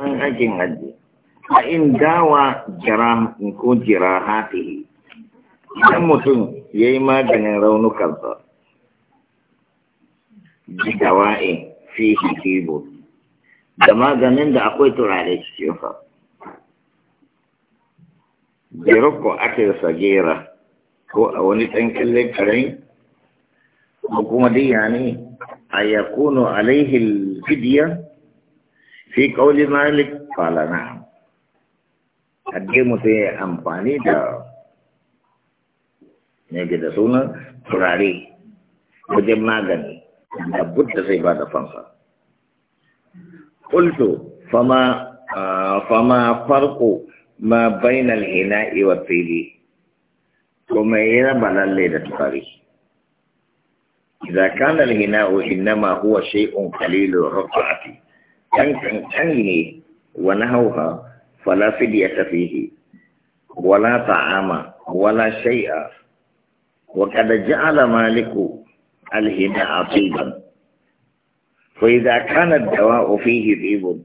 A in dawa فإن داوى ko jira idan mutum ya yi maganin raunukansa dawa'in fi hikibo da maganin da akwai turare cikinsa jirukko aka sagera ko a wani ɗan kyalle ko kuma diya ne a yakuno alaihil fidiyar, fi kauli malik fala na'am hadde mutum ya amfani da ne ke ah, da sunan turare wajen magani da budda sai ba da fansa kultu fama fama farko ma bainal hina'i wa fili kuma yana balalle da turare إذا كان الهناء إنما هو شيء قليل الرقعة تنكني ونهوها فلا فدية فيه ولا طعام ولا شيء وقد جعل مالك الهداء طيبا فإذا كان الدواء فيه طيب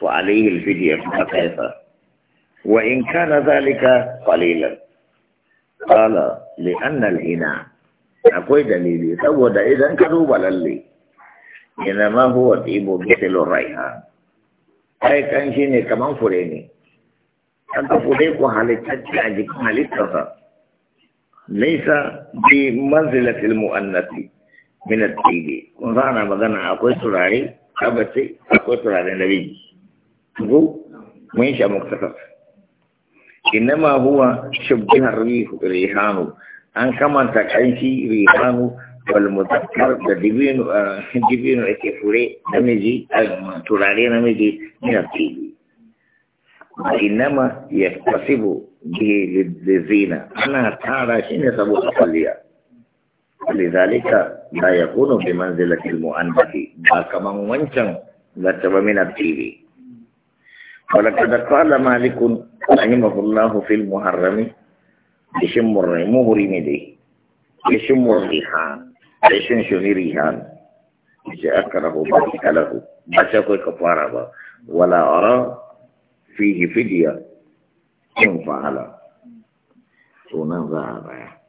فعليه الفدية فكيف وإن كان ذلك قليلا قال لأن الهناء أقول دليلي سود إذا كذوب للي inama huwa tibu mithlu raihan ai kan shi ne kaman fure ne an ta fure ko halittacce a jikin halittarsa laisa bi manzilatil mu'annati min at-tibi kun ana magana akwai turare abace akwai turare na bi go mun sha muktasar inama huwa shubbihar rihanu an kamanta kanshi rihanu والمذكر ده دبين دبين اكفوري نمجي تراري نمجي نبتي وإنما يكتسب به للزينة أنا تارى شيني سبو أصليا لذلك لا يكون بمنزلة المؤنث كما منشن ذات من التيبي ولقد قال مالك رحمه الله في المحرم يشم الرمه رمدي يشم الريحان da shin shumiri han ce aka rahu ba shi kalahu ba sai kai ka fara ba wala ara fihi fidiya in fa'ala sunan za a baya